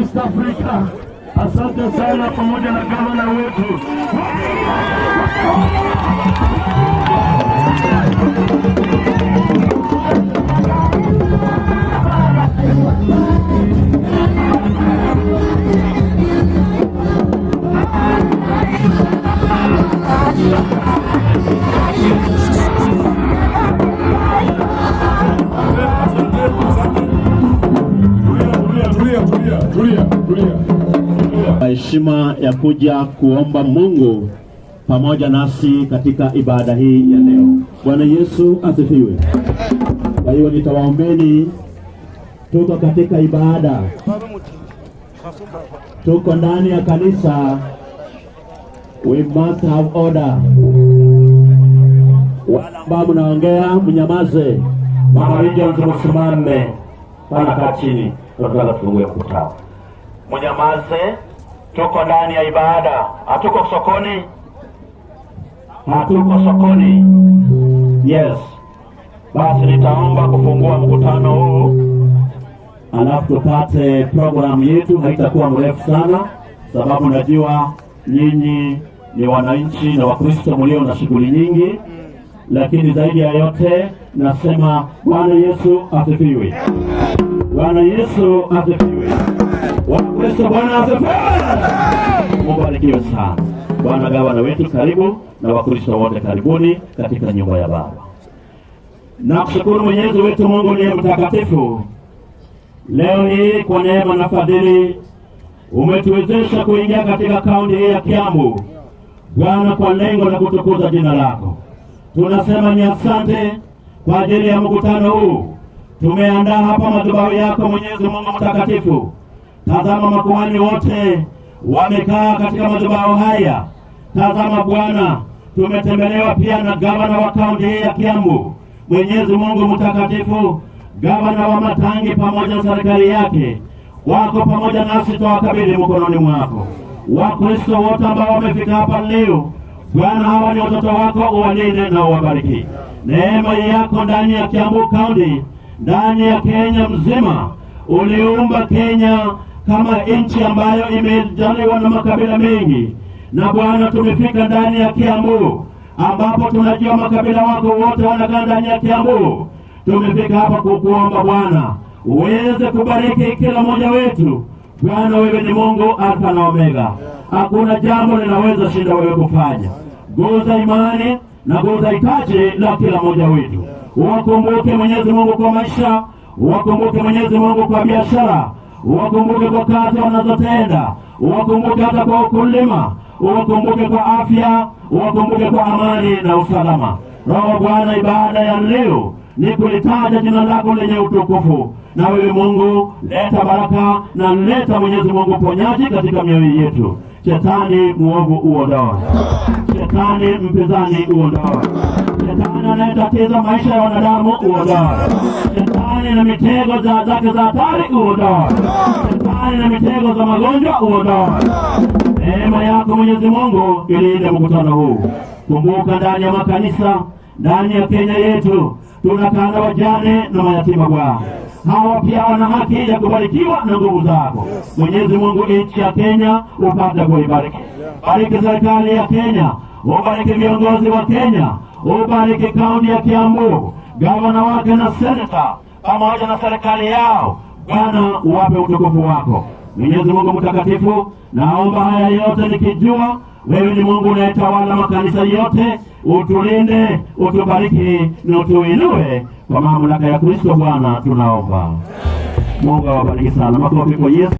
East Africa. Asante sana pamoja na gavana wetu. heshima ya kuja kuomba Mungu pamoja nasi katika ibada hii ya leo. Bwana Yesu asifiwe. Kwa hiyo nitawaombeni, tuko katika ibada, tuko ndani ya kanisa, we must have order. Wale ambao mnaongea mnyamaze, wanaojenzi msimame, pana kaa chini, tunataka tufungue mkutano, mnyamaze tuko ndani ya ibada, hatuko sokoni, hatuko sokoni. Yes, basi nitaomba kufungua mkutano huu alafu tupate programu yetu. Haitakuwa mrefu sana, sababu najua nyinyi ni wananchi na Wakristo mlio na shughuli nyingi, lakini zaidi ya yote nasema Bwana Yesu asifiwe. Bwana Yesu asifiwe. Kristo Bwana asifiwe. Mungu barikiwe sana. Bwana gavana wetu karibu na Wakristo wote karibuni katika nyumba ya Baba. Na kushukuru Mwenyezi wetu Mungu ni mtakatifu. Leo hii kwa neema na fadhili umetuwezesha kuingia katika kaunti hii ya Kiambu. Bwana, kwa lengo la kutukuza jina lako, tunasema ni asante kwa ajili ya mkutano huu. Tumeandaa hapa madhabahu yako Mwenyezi Mungu mtakatifu Tazama makuhani wote wamekaa katika madhabahu haya. Tazama Bwana, tumetembelewa pia na gavana wa kaunti hii ya Kiambu, Mwenyezi Mungu mtakatifu, gavana wa Matangi pamoja na serikali yake wako pamoja nasi, twawakabidhi mkononi mwako. Wakristo wote ambao wamefika hapa leo, Bwana, hawa ni watoto wako, uwalinde na uwabariki. Neema yako ndani ya Kiambu Kaunti, ndani ya Kenya mzima, uliumba Kenya kama nchi ambayo imejaliwa na makabila mengi. Na Bwana, tumefika ndani ya Kiambu ambapo tunajua makabila wako wote wanakaa ndani ya Kiambu. Tumefika hapa kukuomba Bwana uweze kubariki kila mmoja wetu. Bwana, wewe ni Mungu Alfa na Omega, hakuna jambo linaweza shinda wewe kufanya. Guza imani na guza itaje la kila mmoja wetu. Wakumbuke Mwenyezi Mungu kwa maisha, wakumbuke Mwenyezi Mungu kwa biashara uwakumbuke kwa kazi wanazotenda, uwakumbuke hata kwa ukulima, uwakumbuke kwa afya, uwakumbuke kwa amani na usalama. Roho Bwana, ibada ya leo ni kulitaja jina lako lenye utukufu, na wewe Mungu leta baraka na leta Mwenyezi Mungu ponyaji katika mioyo yetu. Shetani muovu uondoe, shetani mpinzani uondoe, shetani anayetatiza maisha ya wanadamu uondoe, shetani na mitego za zake za hatari uondoe, shetani na mitego za magonjwa uondoe. Neema yako Mwenyezi Mungu ilinde mkutano huu. Kumbuka ndani ya makanisa, ndani ya Kenya yetu tunakanda wajane na mayatima Bwana hawa pia wana haki ya kubarikiwa na nguvu zako. Mwenyezi Mungu, nchi ya Kenya upate kuibariki. Bariki serikali ya Kenya, ubariki viongozi wa Kenya, ubariki kaunti ya Kiambu, gavana wake na seneta pamoja na serikali yao. Bwana, uwape utukufu wako. Mwenyezi Mungu mtakatifu, naomba haya yote nikijua wewe ni Mungu unayetawala makanisa yote, utulinde, utubariki na utuinue kwa mamlaka ya Kristo Bwana tunaomba. Mungu awabariki sana. Makofi kwa Yesu.